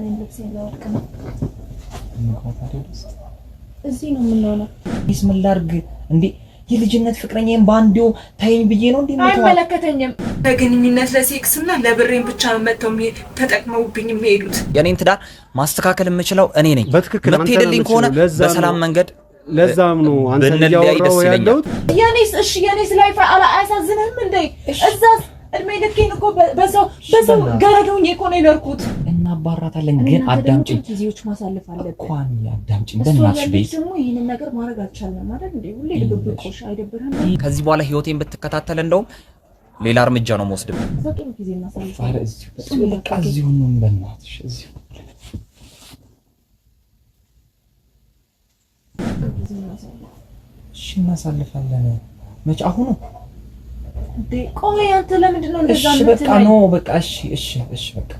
እኔ ልብስ ላወልቅ ነው። እዚህ ነው የምንሆነው። ይስ ምን ላድርግ እንዴ? የልጅነት ፍቅረኛዬን በአንዴው ታየኝ ብዬ ነው እንዴ? አይመለከተኝም። በግንኙነት ለሴክስ እና ለብሬን ብቻ ነው መጥተው ተጠቅመውብኝ የሚሄዱት። የኔን ትዳር ማስተካከል የምችለው እኔ ነኝ። በትክክል ምትሄድልኝ ከሆነ በሰላም መንገድ ለዛም ነው አንተ ያወራው ያለው። የኔስ እሺ፣ የኔስ ላይፍ አያሳዝንህም እንዴ? እዛ እድሜ ልኬን እኮ በሰው በሰው ገረዶኝ እኮ ነው የኖርኩት። እናባራታለን። ግን አዳምጪኝ ጊዜዎች ማሳለፍ አለብን እኮ አዳምጪኝ፣ በእናትሽ ቤት ደግሞ ይህንን ነገር ማድረግ አልቻልንም አይደል? እንዴ? ሁሌ ድብብቆሽ አይደብርም? ከዚህ በኋላ ህይወቴን ብትከታተል እንደውም ሌላ እርምጃ ነው መወስድ። በጥሩ ጊዜ እናሳልፋለን። በቃ እዚሁ ነው፣ በእናትሽ እዚሁ እሺ፣ እናሳልፋለን። መቼ አሁኑ ቆይ አንተ ለምንድን ነው እንደዛ? በቃ ነው በቃ እሺ፣ እሺ፣ እሺ በቃ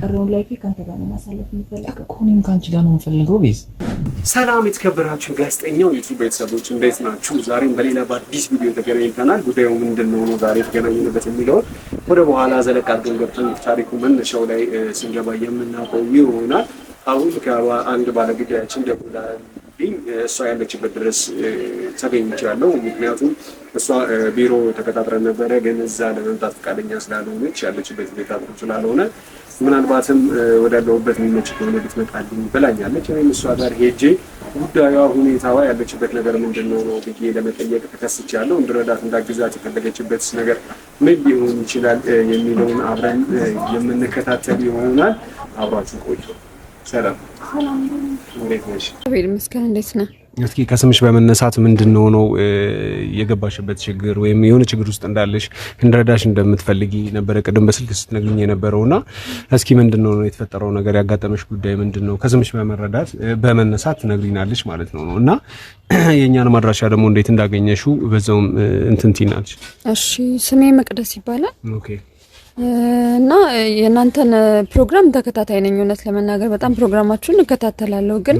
ቀረውን ላይፍ ከአንተ ጋር ነው ማሳለፍ የምፈልገው እኮ እኔም ከአንቺ ጋር ነው የምፈልገው። ቤዝ ሰላም፣ የተከበራችሁ ጋዜጠኛው ዩቱብ ቤተሰቦች እንዴት ናችሁ? ዛሬም በሌላ በአዲስ ቪዲዮ ተገናኝተናል። ጉዳዩ ምንድን ነው ዛሬ የተገናኘንበት የሚለውን ወደ በኋላ ዘለቅ አድርገን ገብተን ታሪኩ መነሻው ላይ ስንገባ የምናቆዩ ይሆናል። አሁን ከአንድ ባለጉዳያችን ደውላልኝ እሷ ያለችበት ድረስ ተገኝቻለሁ። ምክንያቱም እሷ ቢሮ ተቀጣጥረን ነበረ፣ ግን እዛ ለመምጣት ፈቃደኛ ስላልሆነች ያለችበት ሁኔታ ስላልሆነ ምናልባትም ወዳለሁበት የሚመች የሆነ ልትመጣልኝ ብላኛለች። እኔም እሷ ጋር ሄጄ ጉዳዩ ሁኔታዋ ያለችበት ነገር ምንድን ነው ነው ብዬ ለመጠየቅ ተከስቻለሁ። እንድረዳት እንዳግዛት የፈለገችበት ነገር ምን ሊሆን ይችላል የሚለውን አብረን የምንከታተል ይሆናል። አብሯችሁ ቆዩ። ሰላም፣ እንዴት ነሽ? ቤል መስከን እንዴት ነህ? እስኪ ከስምሽ በመነሳት ምንድን ነው የገባሽበት ችግር ወይም የሆነ ችግር ውስጥ እንዳለሽ እንድረዳሽ እንደምትፈልጊ ነበረ ቅድም በስልክ ስትነግሪኝ የነበረውና እስኪ ምንድን ነው የተፈጠረው ነገር ያጋጠመሽ ጉዳይ ምንድን ነው? ከስምሽ በመረዳት በመነሳት ትነግሪናለሽ ማለት ነው እና የእኛንም ማድራሻ ደግሞ እንዴት እንዳገኘሽው በዛውም እንትንቲናልሽ። እሺ ስሜ መቅደስ ይባላል። ኦኬ እና የእናንተን ፕሮግራም ተከታታይ ነኝ። እውነት ለመናገር በጣም ፕሮግራማችሁን እከታተላለሁ። ግን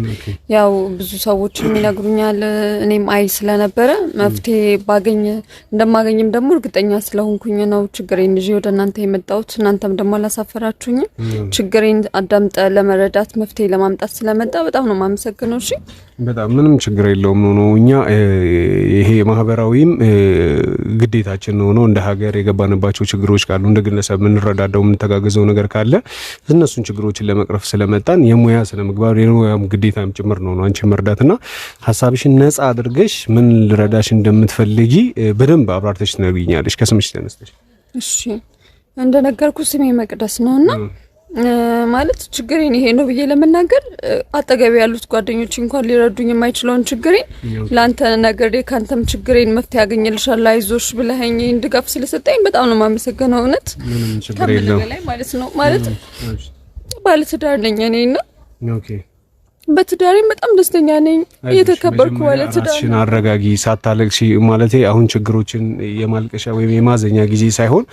ያው ብዙ ሰዎችም ይነግሩኛል፣ እኔም አይ ስለነበረ መፍትሄ ባገኝ እንደማገኝም ደግሞ እርግጠኛ ስለሆንኩኝ ነው ችግሬን ይዤ ወደ እናንተ የመጣሁት። እናንተም ደግሞ አላሳፈራችሁኝም። ችግሬን አዳምጠ ለመረዳት መፍትሄ ለማምጣት ስለመጣ በጣም ነው የማመሰግነው። እሺ በጣም ምንም ችግር የለውም። ነው እኛ ይሄ ማህበራዊም ግዴታችን ነው እንደ ሀገር የገባንባቸው ችግሮች ካሉ እንደ ግለሰብ የምንረዳዳው የምንተጋገዘው ነገር ካለ እነሱን ችግሮችን ለመቅረፍ ስለመጣን የሙያ ስነ ምግባር የሙያም ግዴታም ጭምር ነው አንቺን መርዳትና ሀሳብሽን ነጻ አድርገሽ ምን ልረዳሽ እንደምትፈልጊ በደንብ አብራርተሽ ትነግሪኛለሽ ከስምሽ ተነስተሽ። እሺ እንደነገርኩ ስሜ መቅደስ እና ማለት ችግሬን ይሄ ነው ብዬ ለመናገር አጠገቢ ያሉት ጓደኞች እንኳን ሊረዱኝ የማይችለውን ችግሬን ለአንተ ነገር ከአንተም ችግሬን መፍትሄ ያገኝልሻል አይዞሽ ብለኸኝ ድጋፍ ስለሰጠኝ በጣም ነው የማመሰግነው። እውነት በላይ ማለት ነው። ማለት ባለትዳር ነኝ እኔ እና በትዳሬ በጣም ደስተኛ ነኝ። እየተከበርኩ ባለ ትዳርሽን አረጋጊ፣ ሳታለቅሺ ማለቴ አሁን ችግሮችን የማልቀሻ ወይም የማዘኛ ጊዜ ሳይሆን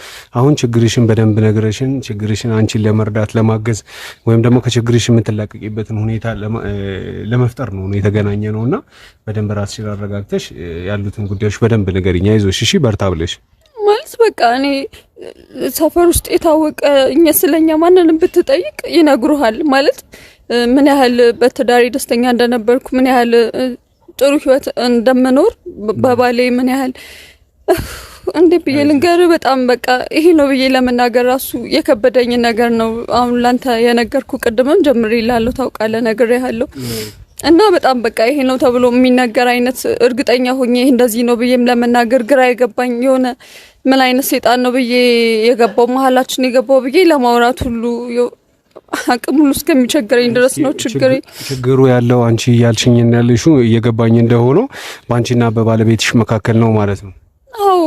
አሁን ችግርሽን በደንብ ነግረሽን ችግርሽን አንቺን ለመርዳት ለማገዝ ወይም ደግሞ ከችግርሽ የምትላቀቂበትን ሁኔታ ለመፍጠር ነው ነው የተገናኘ ነው እና በደንብ ራስሽን አረጋግተሽ ያሉትን ጉዳዮች በደንብ ንገሪኝ። አይዞሽ፣ እሺ፣ በርታ ብለሽ ማለት በቃ እኔ ሰፈር ውስጥ የታወቀ እኛ ስለኛ ማንንም ብትጠይቅ ይነግሩሃል ማለት ምን ያህል በትዳሬ ደስተኛ እንደነበርኩ፣ ምን ያህል ጥሩ ህይወት እንደምኖር በባሌ ምን ያህል እንዴ ብዬ ልንገር። በጣም በቃ ይሄ ነው ብዬ ለመናገር ራሱ የከበደኝ ነገር ነው። አሁን ላንተ የነገርኩ ቅድምም ጀምሬ ላለው ታውቃለህ፣ ነገር ያለው እና በጣም በቃ ይሄ ነው ተብሎ የሚነገር አይነት እርግጠኛ ሆኜ እንደዚህ ነው ብዬም ለመናገር ግራ የገባኝ የሆነ ምን አይነት ሴጣን ነው ብዬ የገባው መሀላችን የገባው ብዬ ለማውራት ሁሉ አቅም ሁሉ እስከሚቸግረኝ ድረስ ነው ችግሬ። ችግሩ ያለው አንቺ እያልሽኝ ያለሹ እየገባኝ እንደሆነው በአንቺና በባለቤትሽ መካከል ነው ማለት ነው? አዎ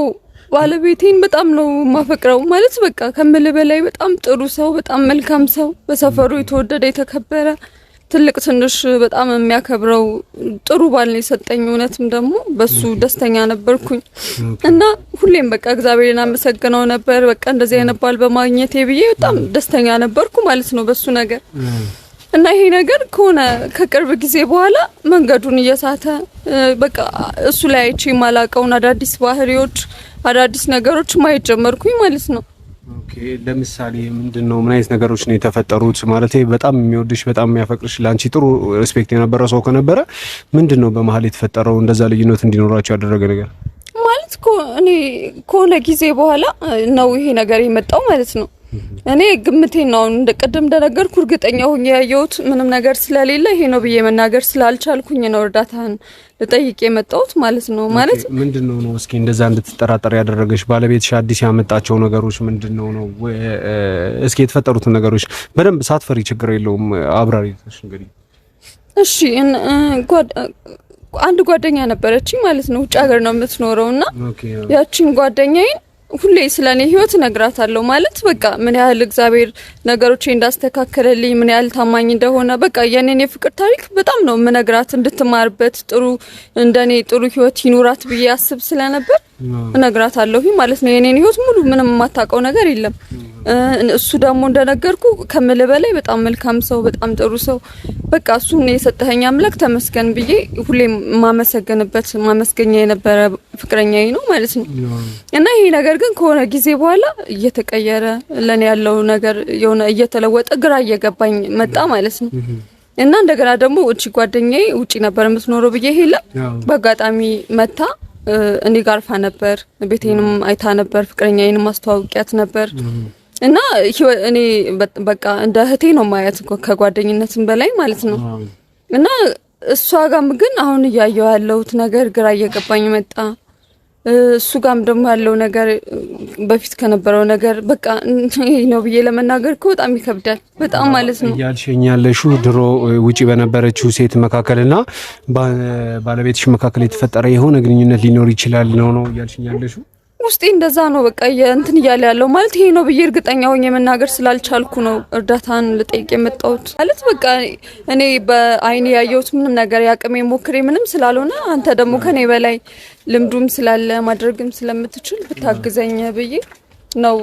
ባለቤቴን በጣም ነው የማፈቅረው። ማለት በቃ ከምል በላይ በጣም ጥሩ ሰው፣ በጣም መልካም ሰው፣ በሰፈሩ የተወደደ የተከበረ ትልቅ ትንሽ በጣም የሚያከብረው ጥሩ ባል ነው የሰጠኝ። እውነትም ደግሞ በሱ ደስተኛ ነበርኩኝ እና ሁሌም በቃ እግዚአብሔርን አመሰግነው ነበር። በቃ እንደዚህ አይነት ባል በማግኘቴ ብዬ በጣም ደስተኛ ነበርኩ ማለት ነው በሱ ነገር እና ይሄ ነገር ከሆነ ከቅርብ ጊዜ በኋላ መንገዱን እየሳተ በቃ እሱ ላይ አይቼ የማላውቀውን አዳዲስ ባህሪዎች፣ አዳዲስ ነገሮች ማየት ጀመርኩኝ ማለት ነው። ለምሳሌ ምንድን ነው ምን አይነት ነገሮች ነው የተፈጠሩት? ማለት በጣም የሚወድሽ በጣም የሚያፈቅርሽ ለአንቺ ጥሩ ሪስፔክት የነበረ ሰው ከነበረ ምንድን ነው በመሀል የተፈጠረው እንደዛ ልዩነት እንዲኖራቸው ያደረገ ነገር ማለት እኔ ከሆነ ጊዜ በኋላ ነው ይሄ ነገር የመጣው ማለት ነው እኔ ግምቴ ነው። ቅድም እንደነገርኩ እርግጠኛ ሁኝ ያየሁት ምንም ነገር ስለሌለ ይሄ ነው ብዬ መናገር ስላልቻልኩኝ ነው እርዳታን ልጠይቅ የመጣሁት ማለት ነው። ማለት ምንድነው ነው እስኪ እንደዛ እንድትጠራጠር ያደረገሽ ባለቤትሽ አዲስ ያመጣቸው ነገሮች ምንድነው ነው እስኪ የተፈጠሩትን ነገሮች በደንብ ሳትፈሪ ችግር የለውም አብራሪሽ። እንግዲህ እሺ አንድ ጓደኛ ነበረችኝ ማለት ነው። ውጭ ሀገር ነው የምትኖረው እና ያቺን ጓደኛዬን ሁሌ ስለ እኔ ህይወት እነግራታለሁ። ማለት በቃ ምን ያህል እግዚአብሔር ነገሮች እንዳስተካከለልኝ ምን ያህል ታማኝ እንደሆነ በቃ የኔን የፍቅር ታሪክ በጣም ነው ምነግራት እንድትማርበት ጥሩ እንደኔ ጥሩ ህይወት ይኑራት ብዬ አስብ ስለነበር እነግራታለሁ ማለት ነው። የኔን ህይወት ሙሉ ምንም የማታውቀው ነገር የለም። እሱ ደግሞ እንደነገርኩ ከምል በላይ በጣም መልካም ሰው፣ በጣም ጥሩ ሰው። በቃ እሱ የሰጠኸኝ አምላክ ተመስገን ብዬ ሁሌ ማመሰገንበት ማመስገኛ የነበረ ፍቅረኛ ነው ማለት ነው። እና ይሄ ነገር ግን ከሆነ ጊዜ በኋላ እየተቀየረ ለኔ ያለው ነገር የሆነ እየተለወጠ ግራ እየገባኝ መጣ ማለት ነው። እና እንደገና ደግሞ እቺ ጓደኛዬ ውጪ ነበር የምትኖረው ብዬ ሄለ በአጋጣሚ መታ እኔ ጋርፋ ነበር። ቤቴንም አይታ ነበር። ፍቅረኛዬንም አስተዋውቂያት ነበር። እና እኔ በቃ እንደ እህቴ ነው ማየት ከጓደኝነትም በላይ ማለት ነው። እና እሷ ጋም ግን አሁን እያየው ያለሁት ነገር ግራ እየገባኝ መጣ። እሱ ጋም ደግሞ ያለው ነገር በፊት ከነበረው ነገር በቃ ነው ብዬ ለመናገር እኮ በጣም ይከብዳል። በጣም ማለት ነው እያልሽኝ ድሮ ውጪ በነበረችው ሴት መካከልና ባለቤትሽ መካከል የተፈጠረ የሆነ ግንኙነት ሊኖር ይችላል ነው ነው እያልሽኝ ያለሽው ውስጤ እንደዛ ነው። በቃ እንትን እያለ ያለው ማለት ይሄ ነው ብዬ እርግጠኛ ሆኜ መናገር ስላልቻልኩ ነው እርዳታን ልጠይቅ የመጣሁት። ማለት በቃ እኔ በአይኔ ያየሁት ምንም ነገር ያቅሜ ሞክሬ ምንም ስላልሆነ አንተ ደግሞ ከኔ በላይ ልምዱም ስላለ ማድረግም ስለምትችል ብታግዘኝ ብዬ ነው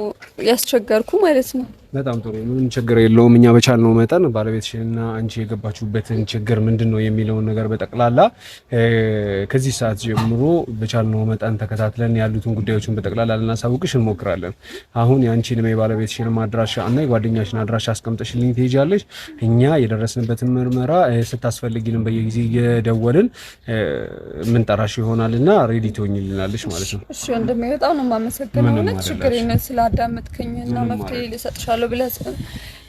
ያስቸገርኩ ማለት ነው። በጣም ጥሩ። ምንም ችግር የለውም። እኛ በቻልነው መጠን ባለቤትሽንና አንቺ የገባችሁበትን ችግር ምንድን ነው የሚለውን ነገር በጠቅላላ ከዚህ ሰዓት ጀምሮ በቻልነው መጠን ተከታትለን ያሉትን ጉዳዮችን በጠቅላላ ልናሳውቅሽ እንሞክራለን። አሁን የአንቺንም የባለቤትሽንም አድራሻ እና የጓደኛሽን አድራሻ አስቀምጠሽልኝ ትሄጃለሽ። እኛ የደረስንበትን ምርመራ ስታስፈልጊልን በየጊዜ እየደወልን ምንጠራሽ ይሆናል እና ሬዲ ትሆኝልናለሽ ማለት ነው። እሺ ወንድሜ፣ በጣም ነው የማመሰግነው። ችግር ስላዳመጥከኝ እና መፍትሄ ልሰጥሻለሁ lo Velasco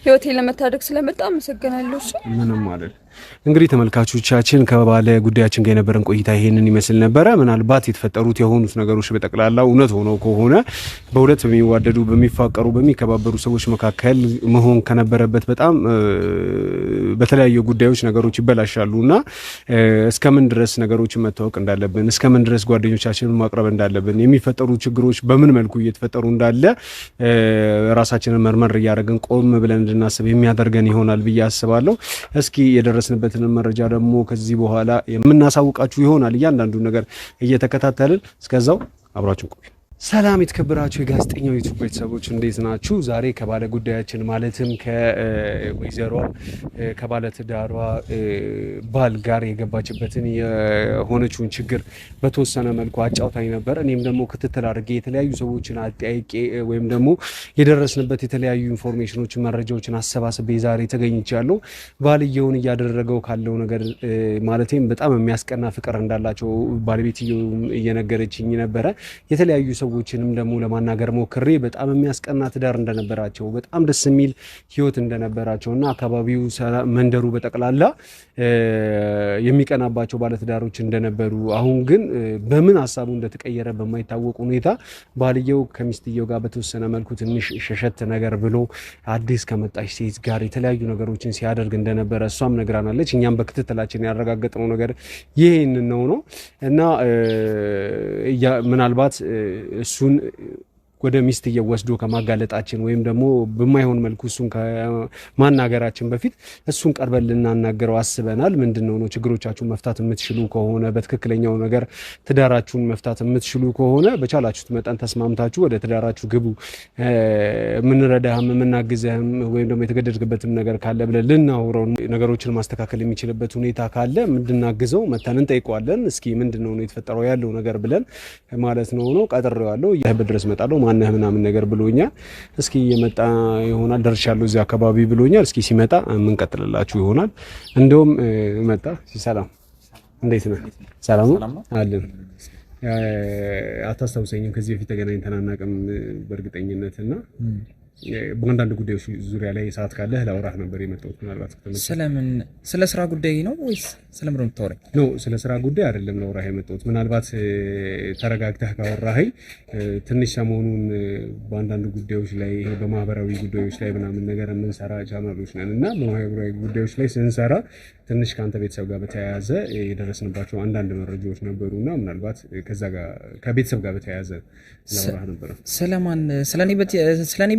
ህይወቴን ለመታደግ ስለመጣ አመሰግናለሁ። እሱ ምንም አይደል። እንግዲህ ተመልካቾቻችን ከባለ ጉዳያችን ጋር የነበረን ቆይታ ይሄንን ይመስል ነበረ። ምናልባት የተፈጠሩት የሆኑት ነገሮች በጠቅላላ እውነት ሆነው ከሆነ በሁለት በሚዋደዱ በሚፋቀሩ፣ በሚከባበሩ ሰዎች መካከል መሆን ከነበረበት በጣም በተለያዩ ጉዳዮች ነገሮች ይበላሻሉ እና እስከምን ድረስ ነገሮችን መታወቅ እንዳለብን፣ እስከምን ድረስ ጓደኞቻችንን ማቅረብ እንዳለብን፣ የሚፈጠሩ ችግሮች በምን መልኩ እየተፈጠሩ እንዳለ ራሳችንን መርመር እያደረግን ቆም ብለን እንድናስብ የሚያደርገን ይሆናል ብዬ አስባለሁ። እስኪ የደረስንበትን መረጃ ደግሞ ከዚህ በኋላ የምናሳውቃችሁ ይሆናል። እያንዳንዱ ነገር እየተከታተልን እስከዛው አብራችን ቆዩ። ሰላም የተከበራችሁ የጋዜጠኛው ዩቱብ ቤተሰቦች እንዴት ናችሁ? ዛሬ ከባለ ጉዳያችን ማለትም ከወይዘሮ ከባለትዳሯ ባል ጋር የገባችበትን የሆነችውን ችግር በተወሰነ መልኩ አጫውታኝ ነበር። እኔም ደግሞ ክትትል አድርጌ የተለያዩ ሰዎችን አጠያቄ ወይም ደግሞ የደረስንበት የተለያዩ ኢንፎርሜሽኖችን፣ መረጃዎችን አሰባስቤ ዛሬ ተገኝቻለሁ። ባልየውን እያደረገው ካለው ነገር ማለትም በጣም የሚያስቀና ፍቅር እንዳላቸው ባለቤትየውም እየነገረችኝ ነበረ የተለያዩ ሰዎችንም ደግሞ ለማናገር ሞክሬ በጣም የሚያስቀና ትዳር እንደነበራቸው በጣም ደስ የሚል ህይወት እንደነበራቸው እና አካባቢው መንደሩ በጠቅላላ የሚቀናባቸው ባለትዳሮች እንደነበሩ፣ አሁን ግን በምን ሀሳቡ እንደተቀየረ በማይታወቅ ሁኔታ ባልየው ከሚስትየው ጋር በተወሰነ መልኩ ትንሽ ሸሸት ነገር ብሎ አዲስ ከመጣች ሴት ጋር የተለያዩ ነገሮችን ሲያደርግ እንደነበረ እሷም ነግራናለች። እኛም በክትትላችን ያረጋገጥነው ነገር ይህንን ነው ነው እና ምናልባት schon ወደ ሚስትየው ወስዶ ከማጋለጣችን ወይም ደግሞ በማይሆን መልኩ እሱን ከማናገራችን በፊት እሱን ቀርበን ልናናገረው አስበናል። ምንድን ነው ነው ችግሮቻችሁን መፍታት የምትችሉ ከሆነ በትክክለኛው ነገር ትዳራችሁን መፍታት የምትችሉ ከሆነ በቻላችሁት መጠን ተስማምታችሁ ወደ ትዳራችሁ ግቡ። የምንረዳህም የምናግዘህም ወይም ደግሞ የተገደድክበትም ነገር ካለ ብለን ልናውረው፣ ነገሮችን ማስተካከል የሚችልበት ሁኔታ ካለ ምንድናግዘው መተን እንጠይቀዋለን። እስኪ ምንድን ነው ነው የተፈጠረው ያለው ነገር ብለን ማለት ነው ነው ቀጥሬዋለሁ ድረስ እመጣለሁ ማነህ ምናምን ነገር ብሎኛል። እስኪ እየመጣ ይሆናል ደርሻለሁ እዚህ አካባቢ ብሎኛል። እስኪ ሲመጣ የምንቀጥልላችሁ ይሆናል። እንደውም መጣ። ሰላም፣ እንዴት ነህ? ሰላም አለን። አታስታውሰኝም? ከዚህ በፊት ተገናኝተን አናውቅም በእርግጠኝነት እና በአንዳንድ ጉዳዮች ዙሪያ ላይ ሰዓት ካለህ ላውራህ ነበር የመጣሁት። ምናልባት ስለምን ስለ ስራ ጉዳይ ነው ወይስ ስለምን ነው የምታወራኝ? ኖ ስለ ስራ ጉዳይ አይደለም ላውራህ የመጣሁት። ምናልባት ተረጋግተህ ካወራኸኝ ትንሽ ሰሞኑን በአንዳንድ ጉዳዮች ላይ በማህበራዊ ጉዳዮች ላይ ምናምን ነገር የምንሰራ ቻናሎች ነን እና በማህበራዊ ጉዳዮች ላይ ስንሰራ ትንሽ ከአንተ ቤተሰብ ጋር በተያያዘ የደረስንባቸው አንዳንድ መረጃዎች ነበሩ እና ምናልባት ከዛ ጋር ከቤተሰብ ጋር በተያያዘ ላውራህ ነበረ። ስለማን ስለእኔ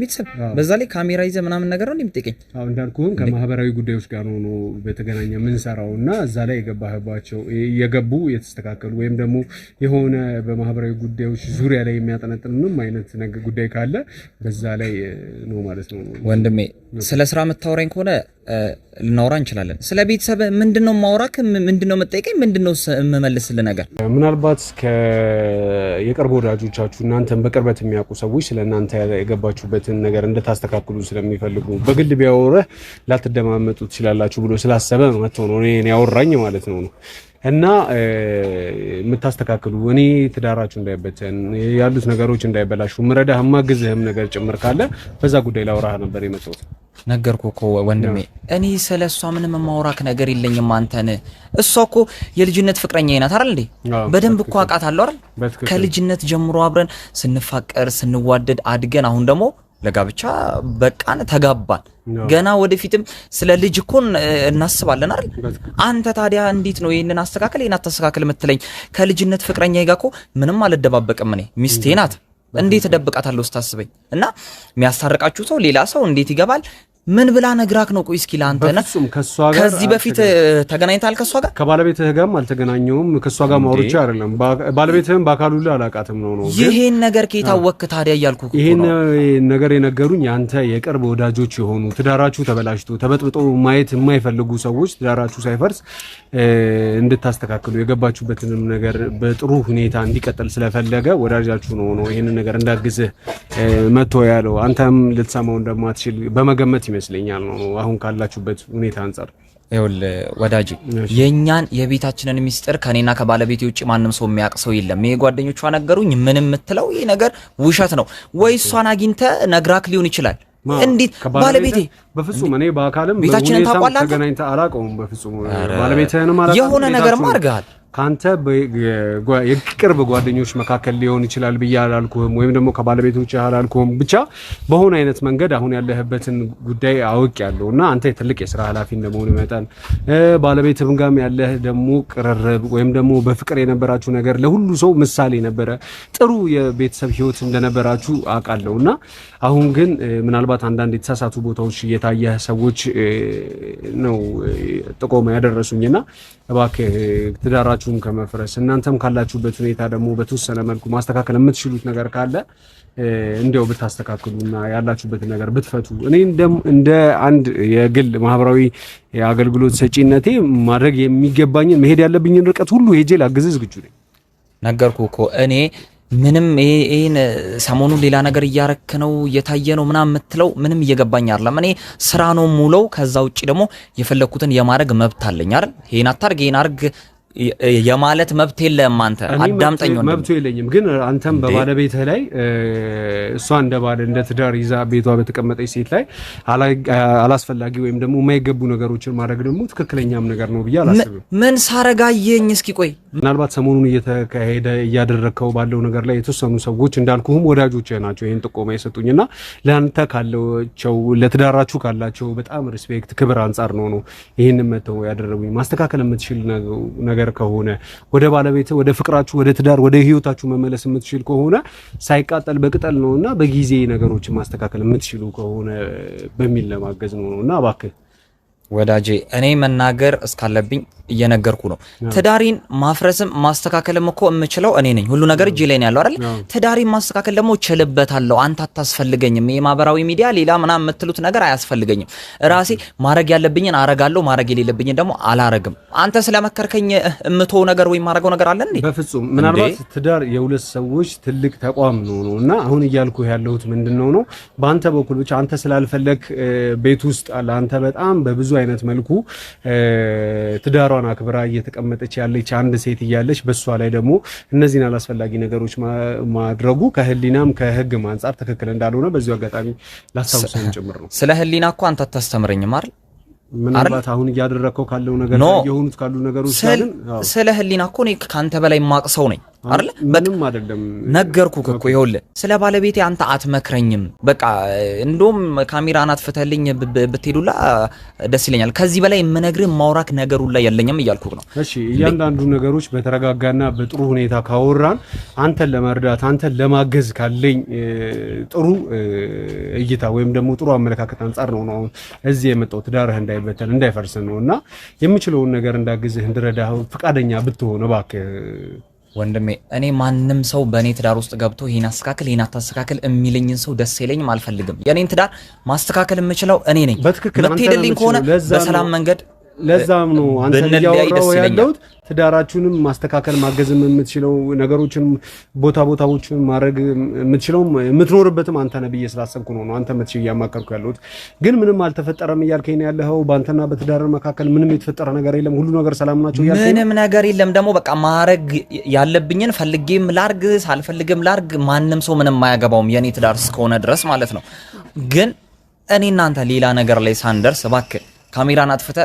ቤተሰብ በዛ ላይ ካሜራ ይዘ ምናምን ነገር ነው እንደምጠይቀኝ እንዳልኩህም ከማህበራዊ ጉዳዮች ጋር ሆኖ በተገናኘ የምንሰራው እና እዛ ላይ የገባህባቸው የገቡ የተስተካከሉ ወይም ደግሞ የሆነ በማህበራዊ ጉዳዮች ዙሪያ ላይ የሚያጠነጥንንም አይነት ጉዳይ ካለ በዛ ላይ ነው ማለት ነው። ወንድሜ ስለ ስራ የምታወራኝ ከሆነ ልናወራ እንችላለን። ስለ ቤተሰብ ምንድነው ማውራክ? ምንድነው መጠየቀኝ? ምንድነው የምመልስል ነገር? ምናልባት የቅርብ ወዳጆቻችሁ እናንተን በቅርበት የሚያውቁ ሰዎች ስለ እናንተ የገባችሁበትን ነገር እንድታስተካክሉ ስለሚፈልጉ በግል ቢያወረህ ላትደማመጡ ትችላላችሁ ብሎ ስላሰበ መጥቶ ነው እኔ ያወራኝ ማለት ነው ነው እና የምታስተካክሉ እኔ ትዳራችሁ እንዳይበተን ያሉት ነገሮች እንዳይበላሹ ምረዳህ ማግዝህም ነገር ጭምር ካለ በዛ ጉዳይ ላውራህ ነበር የመጣሁት። ነገርኩ እኮ ወንድሜ፣ እኔ ስለ እሷ ምንም የማውራክ ነገር የለኝም። አንተን እሷ እኮ የልጅነት ፍቅረኛ ናት አይደል እንዴ? በደንብ እኮ አውቃታለሁ አይደል? ከልጅነት ጀምሮ አብረን ስንፋቀር ስንዋደድ አድገን አሁን ደግሞ ለጋብቻ በቃን፣ ተጋባን። ገና ወደፊትም ስለ ልጅ እኮ እናስባለን አይደል? አንተ ታዲያ እንዴት ነው ይህንን አስተካከል ይህን አታስተካከል የምትለኝ? ከልጅነት ፍቅረኛ ጋ እኮ ምንም አልደባበቅም። እኔ ሚስቴ ናት እንዴት እደብቃታለሁ ስታስበኝ? እና የሚያስታርቃችሁ ሰው ሌላ ሰው እንዴት ይገባል? ምን ብላ ነግራክ ነው? ቆይ እስኪ ጋር ከዚህ በፊት ተገናኝታል ከሷ ጋር? ከባለቤትህ ጋርም አልተገናኘሁም። ከሷ ጋር ማውሮች አይደለም ባለቤትህም በአካሉ ላይ አላቃትም ነው ነው። ይሄን ነገር ከታወቅክ ታዲያ እያልኩ ይሄን ነገር የነገሩኝ አንተ የቅርብ ወዳጆች የሆኑ ትዳራችሁ ተበላሽቶ ተበጥብጦ ማየት የማይፈልጉ ሰዎች ትዳራችሁ ሳይፈርስ እንድታስተካክሉ የገባችሁበትንም ነገር በጥሩ ሁኔታ እንዲቀጥል ስለፈለገ ወዳጃችሁ ነው ነው ይሄን ነገር እንዳግዝህ መጥቶ ያለው አንተም ልትሰማው እንደማትችል በመገመት ይመስለኛል ነው አሁን ካላችሁበት ሁኔታ አንጻር። ይኸውልህ ወዳጅ የእኛን የቤታችንን ሚስጥር ከኔና ከባለቤት ውጭ ማንም ሰው የሚያውቅ ሰው የለም። ይሄ ጓደኞቿ ነገሩኝ። ምን የምትለው ይህ ነገር ውሸት ነው ወይ? እሷን አግኝተ ነግራክ ሊሆን ይችላል። እንዴት ባለቤቴ በፍጹም እኔ በአካልም ቤታችንን ታውቋላት ተገናኝተ አላውቀውም። በፍጹም ባለቤትህንም የሆነ ነገርማ አድርገሃል ከአንተ የቅርብ ጓደኞች መካከል ሊሆን ይችላል ብዬ አላልኩም፣ ወይም ደግሞ ከባለቤቶች አላልኩም። ብቻ በሆነ አይነት መንገድ አሁን ያለህበትን ጉዳይ አውቅ ያለው እና አንተ ትልቅ የስራ ኃላፊ እንደመሆኑ ይመጣል ባለቤትም ጋም ያለህ ደግሞ ቅርርብ ወይም ደግሞ በፍቅር የነበራችሁ ነገር ለሁሉ ሰው ምሳሌ ነበረ፣ ጥሩ የቤተሰብ ህይወት እንደነበራችሁ አውቃለሁ እና አሁን ግን ምናልባት አንዳንድ የተሳሳቱ ቦታዎች እየታየ ሰዎች ነው ጥቆማ ያደረሱኝና እባክህ ትዳራችሁም ከመፍረስ እናንተም ካላችሁበት ሁኔታ ደግሞ በተወሰነ መልኩ ማስተካከል የምትችሉት ነገር ካለ እንዲያው ብታስተካክሉና ያላችሁበትን ነገር ብትፈቱ እኔ እንደ አንድ የግል ማህበራዊ አገልግሎት ሰጪነቴ ማድረግ የሚገባኝን መሄድ ያለብኝን ርቀት ሁሉ ሄጄ ላግዝ ዝግጁ ነኝ። ነገርኩ እኮ እኔ ምንም ይሄን ሰሞኑን ሌላ ነገር እያረክ ነው እየታየ ነው ምናምን የምትለው ምንም እየገባኝ አይደለም። እኔ ስራ ነው ሙለው። ከዛ ውጭ ደግሞ የፈለግኩትን የማድረግ መብት አለኝ አይደል? ይህን አታርግ ይህን አርግ የማለት መብት የለም አንተ። አዳምጠኝ መብቱ የለኝም። ግን አንተም በባለቤትህ ላይ እሷ እንደ ባለ እንደ ትዳር ይዛ ቤቷ በተቀመጠች ሴት ላይ አላስፈላጊ ወይም ደግሞ የማይገቡ ነገሮችን ማድረግ ደግሞ ትክክለኛም ነገር ነው ብዬ አላስብም። ምን ሳረጋየኝ? እስኪ ቆይ፣ ምናልባት ሰሞኑን እየተካሄደ እያደረግከው ባለው ነገር ላይ የተወሰኑ ሰዎች እንዳልኩህም ወዳጆች ናቸው ይህን ጥቆማ የሰጡኝና ለአንተ ካለቸው ለትዳራችሁ ካላቸው በጣም ሪስፔክት ክብር አንጻር ነው ነው ይህን መተው ያደረጉኝ ማስተካከል የምትችል ነገር ነገር ከሆነ ወደ ባለቤት ወደ ፍቅራችሁ፣ ወደ ትዳር፣ ወደ ህይወታችሁ መመለስ የምትችል ከሆነ ሳይቃጠል በቅጠል ነውና በጊዜ ነገሮችን ማስተካከል የምትችሉ ከሆነ በሚል ለማገዝ ነው ነውና እባክህ ወዳጄ እኔ መናገር እስካለብኝ እየነገርኩ ነው። ትዳሪን ማፍረስም ማስተካከልም እኮ የምችለው እኔ ነኝ። ሁሉ ነገር እጅ ላይ ነው ያለው አይደል? ትዳሬን ማስተካከል ደግሞ እችልበታለሁ። አንተ አታስፈልገኝም። የማህበራዊ ሚዲያ ሌላ ምናምን የምትሉት ነገር አያስፈልገኝም። ራሴ ማድረግ ያለብኝን አረጋለሁ፣ ማድረግ የሌለብኝን ደግሞ አላረግም። አንተ ስለመከርከኝ የምትሆው ነገር ወይም ማድረገው ነገር አለ እንዴ? በፍጹም ምናልባት ትዳር የሁለት ሰዎች ትልቅ ተቋም ነው ነው እና አሁን እያልኩ ያለሁት ነው ነው በአንተ በኩል ብቻ አንተ ስላልፈለግ ቤት ውስጥ አለ አንተ በጣም በብዙ አይነት መልኩ ትዳሯ ክብሯን አክብራ እየተቀመጠች ያለች አንድ ሴት እያለች በእሷ ላይ ደግሞ እነዚህን አላስፈላጊ ነገሮች ማድረጉ ከህሊናም ከህግም አንጻር ትክክል እንዳልሆነ በዚሁ አጋጣሚ ላስታውሰን ጭምር ነው። ስለ ህሊና እኮ አንተ አታስተምረኝም አይደል? ምናልባት አሁን እያደረግከው ካለው ነገር የሆኑት ካሉ ነገሮች ስለ ህሊና እኮ እኔ ከአንተ በላይ ማቅሰው ሰው ነኝ አይደለ? ምንም አይደለም። ነገርኩህ እኮ ይኸውልህ፣ ስለ ባለቤቴ አንተ አትመክረኝም። በቃ እንደውም ካሜራን አጥፍተህልኝ ብትሄዱላ ደስ ይለኛል። ከዚህ በላይ የምነግርህ ማውራክ ነገሩ ላይ የለኝም እያልኩ ነው። እሺ፣ እያንዳንዱ ነገሮች በተረጋጋና በጥሩ ሁኔታ ካወራን አንተን ለመርዳት አንተን ለማገዝ ካለኝ ጥሩ እይታ ወይም ደግሞ ጥሩ አመለካከት አንጻር ነው ነው እዚህ የመጣው ትዳርህ እንዳይበተን እንዳይፈርስ ነው እና የምችለውን ነገር እንዳግዝህ እንድረዳህ ፈቃደኛ ብትሆን እባክህ ወንድሜ እኔ ማንም ሰው በእኔ ትዳር ውስጥ ገብቶ ይህን አስተካክል ይህን አታስተካክል የሚልኝን ሰው ደስ የለኝም፣ አልፈልግም። የእኔን ትዳር ማስተካከል የምችለው እኔ ነኝ። በትክክል ምትሄድልኝ ከሆነ በሰላም መንገድ ለዛም ነው አንተ እያወራው ያለሁት ትዳራችሁንም ማስተካከል ማገዝም የምትችለው ነገሮችን ቦታ ቦታዎችን ማድረግ የምትችለው የምትኖርበትም አንተ ነህ ብዬ ስላሰብኩ ነው አንተ መቼ እያማከርኩ ያለሁት ግን ምንም አልተፈጠረም እያልከኝ ነው ያለኸው። በአንተና በትዳር መካከል ምንም የተፈጠረ ነገር የለም፣ ሁሉ ነገር ሰላም ናቸው እያልከኝ ምንም ነገር የለም። ደግሞ በቃ ማድረግ ያለብኝን ፈልጌም ላርግ ሳልፈልግም ላርግ ማንም ሰው ምንም አያገባውም የእኔ ትዳር እስከሆነ ድረስ ማለት ነው። ግን እኔ እናንተ ሌላ ነገር ላይ ሳንደርስ እባክህ ካሜራን አጥፍተ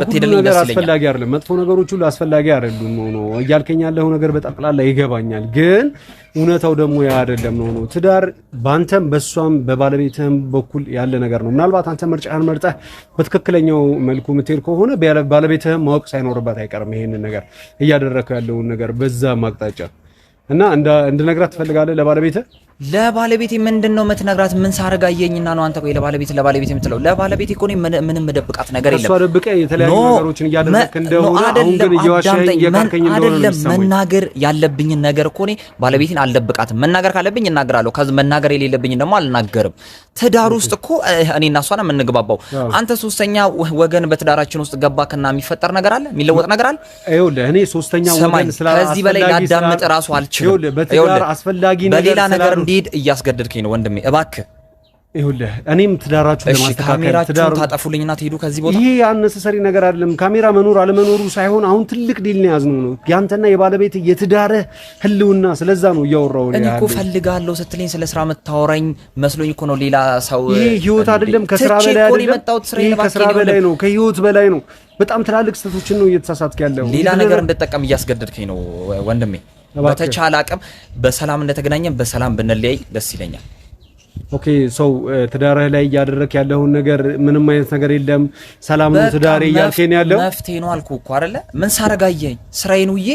በቴደለኝ ደስ አስፈላጊ አይደለም። መጥፎ ነገሮች ሁሉ አስፈላጊ አይደሉም። ነው እያልከኝ ያለው ነገር በጠቅላላ ይገባኛል፣ ግን እውነታው ደግሞ ያ አይደለም ነው። ነው ትዳር በአንተም በሷም በባለቤትህም በኩል ያለ ነገር ነው። ምናልባት አንተ ምርጫን መርጠህ በትክክለኛው መልኩ የምትሄድ ከሆነ ባለቤትህም ማወቅ ሳይኖርበት አይቀርም ይሄንን ነገር እያደረከው ያለውን ነገር በዛ ማቅጣጫ እና እንድነግራት ትፈልጋለህ ለባለቤትህ ለባለቤቴ ምንድን ነው የምትነግራት? ምን ሳረጋ እየኝና ነው አንተ? ቆይ ለባለቤት ለባለቤት የምትለው ለባለቤቴ እኮ ነው ምንም መደብቃት ነገር የለም። እሷ ደብቀ የተለያዩ ነገሮችን እያደረክ እንደሆነ አሁን ግን እየዋሸኸኝ እየካርከኝ እንደሆነ መናገር ያለብኝን ነገር እኮ እኔ ባለቤቴን አልደብቃትም። መናገር ካለብኝ እናገራለሁ። ከዚህ መናገር የሌለብኝን ደግሞ አልናገርም። ትዳር ውስጥ እኮ እኔና እና እሷ ነው የምንግባባው። አንተ ሶስተኛ ወገን በትዳራችን ውስጥ ገባክና የሚፈጠር ነገር አለ፣ የሚለወጥ ነገር አለ። ይኸውልህ እኔ ሶስተኛ ወገን ስለ ከዚህ በላይ ላዳምጥ እራሱ አልችልም። ይኸውልህ በትዳር አስፈላጊ ነገር እንዲሄድ እያስገደድከኝ ነው ወንድሜ፣ እባክህ ይኸውልህ እኔም ትዳራችሁ ለማስተካከል ትዳሩ ታጠፉልኝና ትሄዱ ከዚህ ቦታ። ይሄ አነሰሰሪ ነገር አይደለም። ካሜራ መኖር አለመኖሩ ሳይሆን አሁን ትልቅ ዲል ነው ያዝነው ነው ያንተና የባለቤት የትዳረ ህልውና። ስለዛ ነው እያወራሁ እኔ እኮ ፈልጋለሁ ስትለኝ ስለ ስራ የምታወራኝ መስሎኝ እኮ ነው። ሌላ ሰው ይሄ ህይወት አይደለም። ከስራ በላይ አይደለም። ይሄ ከስራ በላይ ነው። ከህይወት በላይ ነው። በጣም ትላልቅ ስህተቶችን ነው እየተሳሳትክ ያለው። ሌላ ነገር እንድጠቀም እያስገደድከኝ ነው ወንድሜ። በተቻለ አቅም በሰላም እንደተገናኘን በሰላም ብንለያይ ደስ ይለኛል። ኦኬ ሰው ትዳርህ ላይ እያደረክ ያለውን ነገር ምንም አይነት ነገር የለም፣ ሰላም ነው ትዳሬ እያልከኝ ያለው መፍትሄ ነው አልኩ እኮ አይደለ? ምን ሳረጋየኝ ስራዬን ውዬ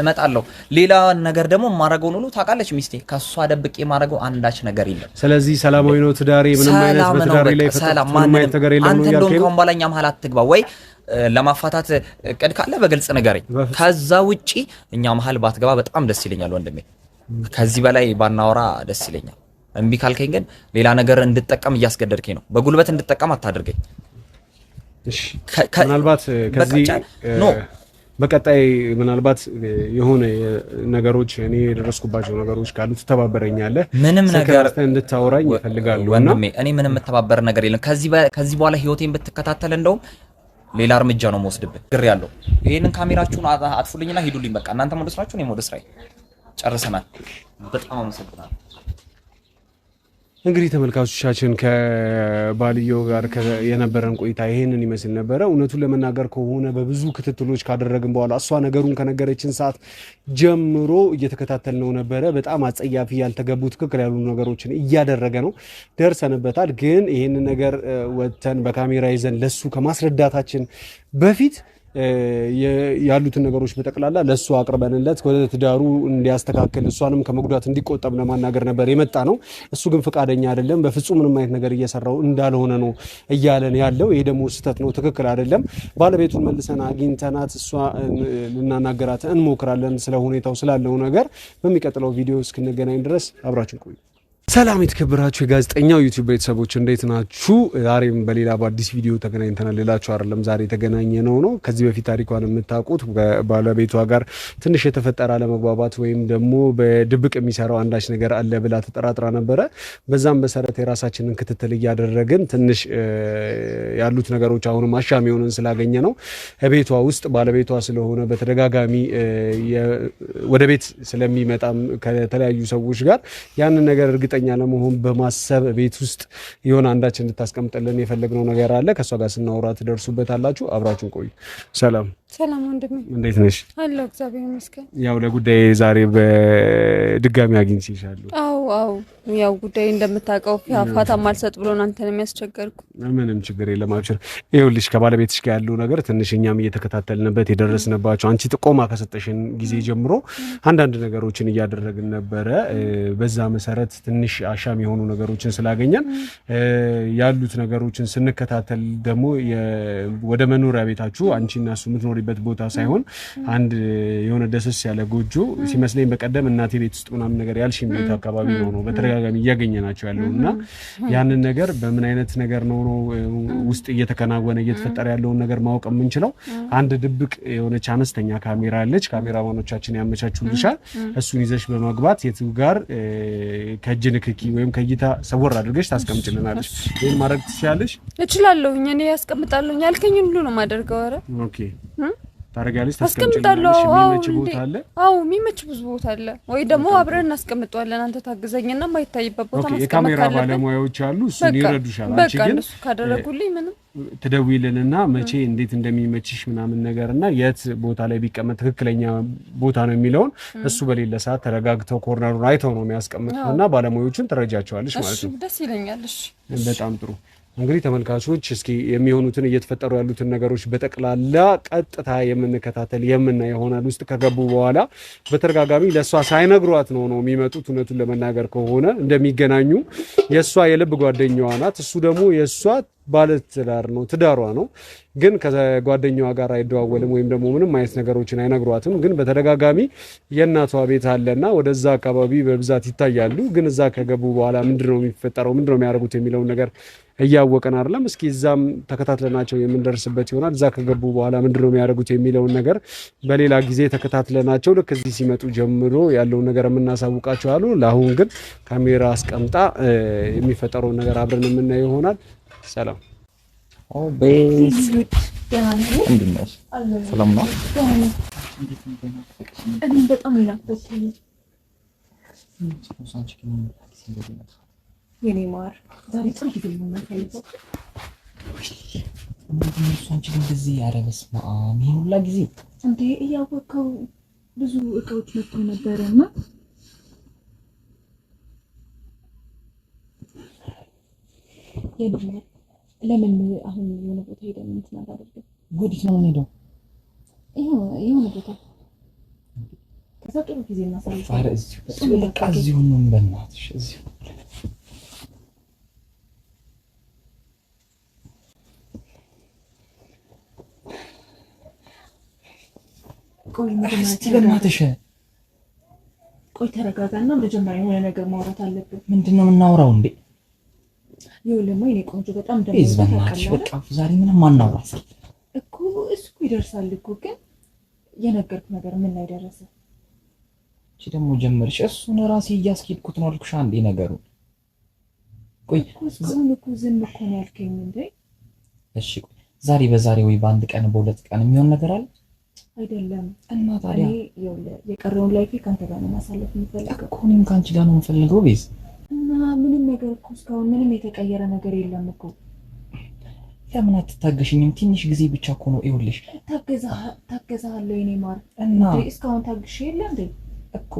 እመጣለሁ። ሌላ ነገር ደግሞ የማረገውን ሁሉ ታውቃለች ሚስቴ። ከሷ ደብቄ የማረገው አንዳች ነገር የለም። ስለዚህ ሰላማዊ ነው ትዳሬ፣ ምንም አይነት በትዳሬ ላይ ፈጠጥ ምንም አይነት ነገር የለም ነው ያልከኝ። አንተ እንደውም ከሆነ በኋላ እኛ መሀል አትግባ ወይ ለማፋታት እቅድ ካለ በግልጽ ንገረኝ። ከዛ ውጪ እኛ መሀል ባትገባ በጣም ደስ ይለኛል ወንድሜ። ከዚህ በላይ ባናወራ ደስ ይለኛል። እምቢ ካልከኝ ግን ሌላ ነገር እንድጠቀም እያስገደድከኝ ነው። በጉልበት እንድጠቀም አታድርገኝ። ምናልባት ከዚህ በቀጣይ ምናልባት የሆነ ነገሮች እኔ የደረስኩባቸው ነገሮች ካሉ ትተባበረኛለህ። ምንም ነገር እንድታወራኝ ይፈልጋሉ ወንድሜ። እኔ ምንም የምተባበር ነገር የለም። ከዚህ በኋላ ህይወቴን ብትከታተል እንደውም ሌላ እርምጃ ነው መወስድብን። ግር ያለው ይህንን ካሜራችሁን አጥፉልኝና ሂዱልኝ። በቃ እናንተ ወደ ስራችሁ፣ እኔም ወደ ስራዬ። ጨርሰናል። በጣም አመሰግናለሁ። እንግዲህ ተመልካቾቻችን ከባልየው ጋር የነበረን ቆይታ ይሄንን ይመስል ነበረ። እውነቱን ለመናገር ከሆነ በብዙ ክትትሎች ካደረግን በኋላ እሷ ነገሩን ከነገረችን ሰዓት ጀምሮ ነው ነበረ። በጣም አጸያፊ፣ ያልተገቡ ትክክል ያሉ ነገሮችን እያደረገ ነው። ደርሰንበታል። ግን ይህንን ነገር ወጥተን በካሜራ ይዘን ለሱ ከማስረዳታችን በፊት ያሉትን ነገሮች በጠቅላላ ለእሱ አቅርበንለት ወደ ትዳሩ እንዲያስተካክል እሷንም ከመጉዳት እንዲቆጠብ ለማናገር ነበር የመጣ ነው። እሱ ግን ፈቃደኛ አይደለም። በፍጹም ምንም አይነት ነገር እየሰራው እንዳልሆነ ነው እያለን ያለው። ይሄ ደግሞ ስህተት ነው፣ ትክክል አይደለም። ባለቤቱን መልሰን አግኝተናት እሷ ልናናገራት እንሞክራለን፣ ስለ ሁኔታው ስላለው ነገር። በሚቀጥለው ቪዲዮ እስክንገናኝ ድረስ አብራችን ቆዩ። ሰላም የተከበራችሁ የጋዜጠኛው ዩቲዩብ ቤተሰቦች እንዴት ናችሁ? ዛሬም በሌላ በአዲስ ቪዲዮ ተገናኝተናል። ሌላችሁ አይደለም ዛሬ የተገናኘ ነው ነው ከዚህ በፊት ታሪኳን የምታውቁት ባለቤቷ ጋር ትንሽ የተፈጠረ አለመግባባት ወይም ደግሞ በድብቅ የሚሰራው አንዳች ነገር አለ ብላ ተጠራጥራ ነበረ። በዛም መሰረት የራሳችንን ክትትል እያደረግን ትንሽ ያሉት ነገሮች አሁንም አሻሚ የሆነን ስላገኘ ነው ቤቷ ውስጥ ባለቤቷ ስለሆነ በተደጋጋሚ ወደ ቤት ስለሚመጣም ከተለያዩ ሰዎች ጋር ያንን ነገር እርግጥ እርግጠኛ ለመሆን በማሰብ ቤት ውስጥ የሆነ አንዳች እንድታስቀምጥልን የፈለግነው ነገር አለ። ከእሷ ጋር ስናወራ ትደርሱበታላችሁ። አብራችሁን ቆዩ። ሰላም ሰላም ወንድሜ፣ እንዴት ነሽ? አለሁ እግዚአብሔር ይመስገን። ያው ለጉዳይ ዛሬ በድጋሚ አግኝቼሻለሁ። አዎ አዎ፣ ያው ጉዳይ እንደምታውቀው ፋታም አልሰጥ ብሎን አንተን የሚያስቸገርኩ። ምንም ችግር የለም አብሽር። ይኸውልሽ ከባለቤትሽ ጋር ያለው ነገር ትንሽ እኛም እየተከታተልንበት የደረስንባቸው፣ አንቺ ጥቆማ ከሰጠሽን ጊዜ ጀምሮ አንዳንድ ነገሮችን እያደረግን ነበረ። በዛ መሰረት ትንሽ አሻም የሆኑ ነገሮችን ስላገኘን ያሉት ነገሮችን ስንከታተል ደግሞ ወደ መኖሪያ ቤታችሁ አንቺ እሱ የምትኖሪ የምንቆይበት ቦታ ሳይሆን አንድ የሆነ ደሰስ ያለ ጎጆ ሲመስለኝ በቀደም እናቴ ቤት ውስጥ ምናምን ነገር ያልሽ ቤት አካባቢ ነው ነው በተደጋጋሚ እያገኘ ናቸው ያለው እና ያንን ነገር በምን አይነት ነገር ነው ነው ውስጥ እየተከናወነ እየተፈጠረ ያለውን ነገር ማወቅ የምንችለው አንድ ድብቅ የሆነች አነስተኛ ካሜራ ያለች ካሜራማኖቻችን ያመቻቹልሻል። እሱን ይዘሽ በመግባት የቱ ጋር ከእጅ ንክኪ ወይም ከእይታ ሰወር አድርገሽ ታስቀምጭልናለች። ይህን ማድረግ ትችላለሽ? እችላለሁኝ። እኔ ያስቀምጣለሁኝ ያልከኝ ሁሉ ነው ማደርገው። ኧረ ኦኬ ታደርጊያለሽ። ታስቀምጫለሽ። ቦታ አለ። አዎ የሚመች ብዙ ቦታ አለ። ወይ ደግሞ አብረን እናስቀምጠዋለን። አንተ ታግዘኝና የማይታይበት ቦታ የካሜራ ባለሙያዎች አሉ፣ እሱን ይረዱሻል። አንቺ ግን ካደረጉልኝ ምንም ትደውይልንና መቼ እንዴት እንደሚመችሽ ምናምን ነገር የት ቦታ ላይ ቢቀመጥ ትክክለኛ ቦታ ነው የሚለውን እሱ በሌለ ሰዓት ተረጋግተው ኮርነሩን አይተው ነው የሚያስቀምጡና ባለሙያዎቹን ትረጃቸዋለሽ ማለት ነው። ደስ ይለኛል። በጣም ጥሩ እንግዲህ ተመልካቾች እስኪ የሚሆኑትን እየተፈጠሩ ያሉትን ነገሮች በጠቅላላ ቀጥታ የምንከታተል የምና ይሆናል። ውስጥ ከገቡ በኋላ በተደጋጋሚ ለእሷ ሳይነግሯት ነው ነው የሚመጡት። እውነቱን ለመናገር ከሆነ እንደሚገናኙ የእሷ የልብ ጓደኛዋ ናት፣ እሱ ደግሞ የእሷ ባለትዳር ነው፣ ትዳሯ ነው። ግን ከጓደኛዋ ጋር አይደዋወልም ወይም ደግሞ ምንም አይነት ነገሮችን አይነግሯትም። ግን በተደጋጋሚ የእናቷ ቤት አለና ወደዛ አካባቢ በብዛት ይታያሉ። ግን እዛ ከገቡ በኋላ ምንድን ነው የሚፈጠረው፣ ምንድን ነው የሚያደርጉት የሚለውን ነገር እያወቀን አይደለም። እስኪ እዛም ተከታትለናቸው የምንደርስበት ይሆናል። እዛ ከገቡ በኋላ ምንድን ነው የሚያደርጉት የሚለውን ነገር በሌላ ጊዜ ተከታትለናቸው ልክ እዚህ ሲመጡ ጀምሮ ያለውን ነገር የምናሳውቃቸው አሉ። ለአሁን ግን ካሜራ አስቀምጣ የሚፈጠረውን ነገር አብረን የምናየው ይሆናል። سلام او بيس الحمد لله سلام الله أبي بيت أمينة بس هي يا نيمار داري تركي في المنزل እሷንችን እንደዚህ ያረበስ ማሚ ሁላ ጊዜ እንዴ እያወቀው ብዙ እቃዎች መጥቶ ነበረ እና የድነት ለምን አሁን የሆነ ቦታ ሄደን እንትን አታደርግም? ወዲህ ነው የምንሄደው። የሆነ ቦታ ከዛ ጥሩ ጊዜ እናሳልፋለን። በቃ እዚሁ ነው። በእናትሽ እዚሁ በእናትሽ ቆይ ተረጋጋና፣ መጀመሪያ የሆነ ነገር ማውራት አለብን። ምንድን ነው የምናወራው እንዴ? ይኸውልህ የእኔ ቆንጆ በጣም በቃ ዛሬ ምንም አናውራ እኮ እሱ ይደርሳል እኮ ግን የነገርኩ ነገር ምን ላይ ደረሰ? እቺ ደግሞ ጀመርሽ። እሱን ራሴ እያስኬድኩት ነው አልኩሽ። አንዴ ነገሩ ቆይ እስካሁን እኮ ዝም እኮ ነው ያልከኝ እንዴ? እሺ ቆይ ዛሬ በዛሬ ወይ በአንድ ቀን በሁለት ቀን የሚሆን ነገር አለ አይደለም። እና ታዲያ የቀረውን ላይፌ ከአንተ ጋር ነው ማሳለፍ የምፈልገው እኮ እኔም ከአንቺ ጋር ነው የምፈልገው ቤዝ ምንም ነገር እኮ እስካሁን ምንም የተቀየረ ነገር የለም እኮ። ለምን አትታገሽኝም? ትንሽ ጊዜ ብቻ እኮ ነው። ይኸውልሽ ታገዛሃለሁ የኔ ማር እና እስካሁን ታግሽ የለ እንዴ እኮ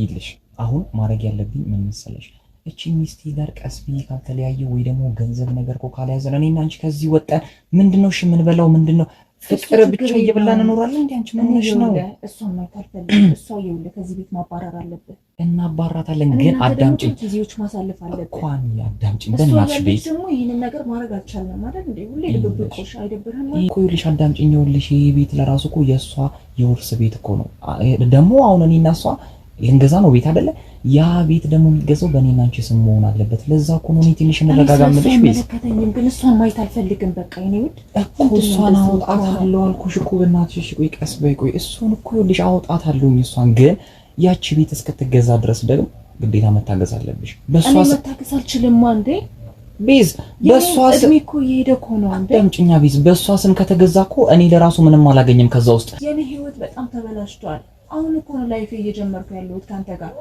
ይልሽ። አሁን ማድረግ ያለብኝ ምን መሰለሽ? እቺ ሚስቴ ጋር ቀስ ብዬ ካልተለያየ ወይ ደግሞ ገንዘብ ነገር እኮ ካልያዘን እኔና አንቺ ከዚህ ወጠን ምንድነው? እሺ ምን በላው ምንድነው ፍቅር ብቻ እየበላን እኖራለን። እንዲ አንቺ ምን ሆነሽ ነው? እሷን ማየት አልፈልግም። እሷ ይኸውልህ ከዚህ ቤት ማባረር አለብን። እናባራታለን፣ ግን አዳምጪኝ። ጊዜዎች ማሳለፍ አለብን። እኮ አንዴ አዳምጪኝ። በእናትሽ ቤት ደግሞ ይህንን ነገር ማድረግ አልቻልንም አይደል? እንደ ሁሌ ድብብቆሽ አይደብርህም እኮ ይኸውልሽ፣ አዳምጪኝ። ይኸውልሽ ይህ ቤት ለራሱ እኮ የእሷ የውርስ ቤት እኮ ነው። ደግሞ አሁን እኔ እና እሷ ልንገዛ ነው ቤት አይደለ? ያ ቤት ደግሞ የሚገዛው በእኔና አንቺ ስም መሆን አለበት። ለዛ እኮ ነው እኔ ትንሽ እንረጋጋ የምልሽ። ቤት ግን እሷን ማየት አልፈልግም። በቃ እኔ ውድ እኮ እሷን አውጣታለሁ አልኩሽ እኮ በእናትሽ። ቆይ ቀስ በይ ቆይ። እሱን እኮ ይኸውልሽ አውጣታለሁኝ እሷን። ግን ያቺ ቤት እስክትገዛ ድረስ ደግሞ ግዴታ መታገዝ አለብሽ። በእሷ መታገዝ አልችልም እንዴ ቤዝ በሷ ስም እኮ የሄደ እኮ ነው አንዴ አዳምጪኛ ቤዝ በሷ ስም ከተገዛ እኮ እኔ ለራሱ ምንም አላገኝም ከዛ ውስጥ የኔ ህይወት በጣም ተበላሽቷል አሁን እኮ ነው ላይፍ እየጀመርኩ ያለሁት ከአንተ ጋር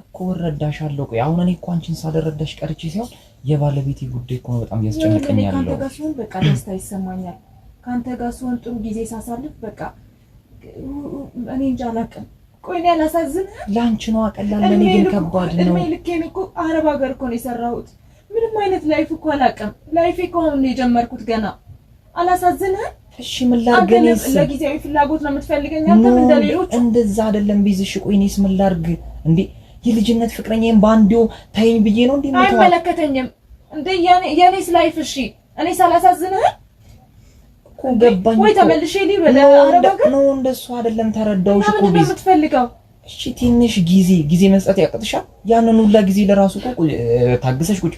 እኮ እረዳሻለሁ። ቆይ አሁን እኔ እኮ አንቺን ሳልረዳሽ ቀርቼ ሲሆን የባለቤቴ ጉዳይ እኮ ነው በጣም እያስጨነቀኝ ያለው። ከአንተ ጋር ሲሆን በቃ ደስታ ይሰማኛል። ከአንተ ጋር ሲሆን ጥሩ ጊዜ ሳሳልፍ በቃ እኔ እንጃ አላውቅም። ቆይ እኔ አላሳዝንህም? ለአንቺ ነው ቀላል፣ ለእኔ ግን ከባድ ነው። እድሜ ልኬን እኮ አረብ ሀገር እኮ ነው የሰራሁት። ምንም አይነት ላይፍ እኮ አላውቅም። ላይፌ እኮ አሁን ነው የጀመርኩት ገና። አላሳዝንህም? እሺ ምን ላድርግ? ለጊዜያዊ ፍላጎት ነው የምትፈልገኝ እንደሌሎች እንደዛ አይደለም ቢዝሽ። ቆይ እኔስ ምን ላድርግ እንዴ? የልጅነት ፍቅረኛዬን ባንዴው ታይኝ ብዬ ነው እንዴ? አይመለከተኝም እንዴ? ያኔ ላይፍ። እሺ እኔ ሳላሳዝንህ እኮ ገባኝ። ወይ ተመልሼ ነው። እንደሱ አይደለም ተረዳውሽ። እኮ ቢዝ እሺ ትንሽ ጊዜ ጊዜ መስጠት ያቅጥሻል። ያንን ሁላ ጊዜ ለራሱ ታግሰሽ ቁጭ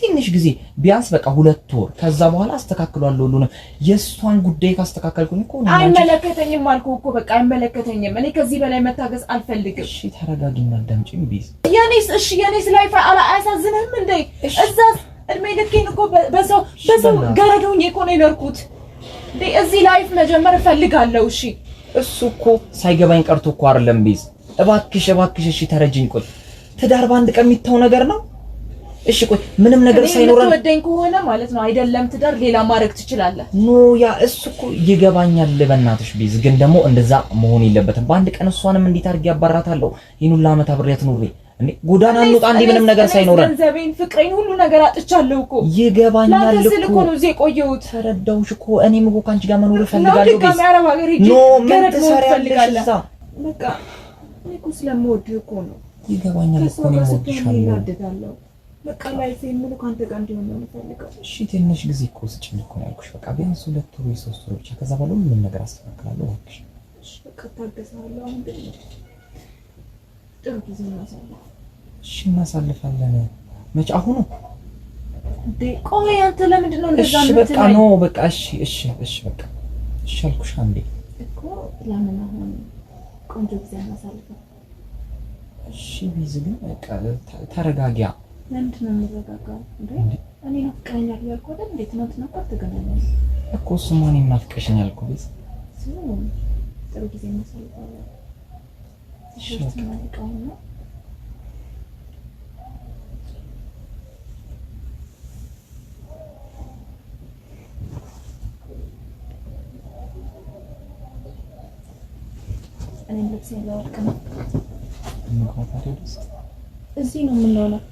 ትንሽ ጊዜ ቢያንስ በቃ ሁለት ወር ከዛ በኋላ አስተካክሏል። ሁሉ ነው የእሷን ጉዳይ ካስተካከልኩኝ እኮ አይመለከተኝም አልኩህ እኮ በቃ አይመለከተኝም። እኔ ከዚህ በላይ መታገስ አልፈልግም። እሺ ተረጋጊና አዳምጪኝ። ቢዝ የኔስ እሺ የኔስ ላይ አላ አያሳዝንህም እንዴ? እዛ እድሜ ልኬን እኮ በሰው በሰው ገረዶኝ እኮ ነው የኖርኩት። እዚህ ላይፍ መጀመር እፈልጋለሁ። እሺ እሱ እኮ ሳይገባኝ ቀርቶ እኮ አይደለም። ቢዝ እባክሽ እባክሽ፣ እሺ ተረጅኝ። ቆይ ትዳር በአንድ ቀን የሚተው ነገር ነው እሺ ቆይ ምንም ነገር ሳይኖረን ወደኝ ከሆነ ማለት ነው አይደለም ትዳር ሌላ ማድረግ ትችላለህ። ኖ ያ እሱ እኮ ይገባኛል። በእናትሽ ቢዝ ግን ደግሞ እንደዛ መሆን የለበትም። በአንድ ቀን እሷንም እንዴት አድርጌ ያባራታለሁ? ይህን ሁሉ ዓመት አብሬያት ኑሬ እኔ ጎዳና እንውጣ እንዴ ምንም ነገር ሳይኖረን ገንዘቤን፣ ፍቅሬን፣ ሁሉ ነገር አጥቻለሁ እኮ ይገባኛል እኮ እኮ ነው እዚህ የቆየሁት። ተረዳሁሽ እኮ እኔም እኮ ካንቺ ጋር መኖር እፈልጋለሁ። ቤዝ ኖ ምን ትሰሪያለሽ እዛ በቃ እኔ እኮ ስለምወድህ እኮ ነው። ይገባኛል እኮ ነው ወድሻለሁ በቃ ላይፍ ከአንተ ጋር እንዲሆን ነው የምፈልገው። እሺ ትንሽ ጊዜ እኮ ስጭኝ እኮ ነው ያልኩሽ። በቃ ቢያንስ ሁለት ወይ ሶስት ወር ብቻ፣ ከዛ በኋላ ምንም ነገር አስተካክላለሁ። እባክሽ በቃ አሁን ጥሩ ጊዜ እሺ እናሳልፋለን። መቼ አሁኑ እንዴ? ቆይ አንተ ለምንድን ነው እንደዛ በቃ ኖ በቃ እሺ፣ እሺ፣ እሺ፣ በቃ እሺ አልኩሽ። አንዴ እኮ ለምን አሁን ቆንጆ ጊዜ እናሳልፋለን። እሺ ቢዝ ግን በቃ ተረጋጊያ ለምንድን ነው የምረጋጋው? እኔ ናፍቀኸኛል እያልኩ አይደል? እንዴት ትናንትና እኮ አልተገናኘንም እኮ። ጥሩ ጊዜ እኔም ልብሴን ነው። እዚህ ነው የምንሆነው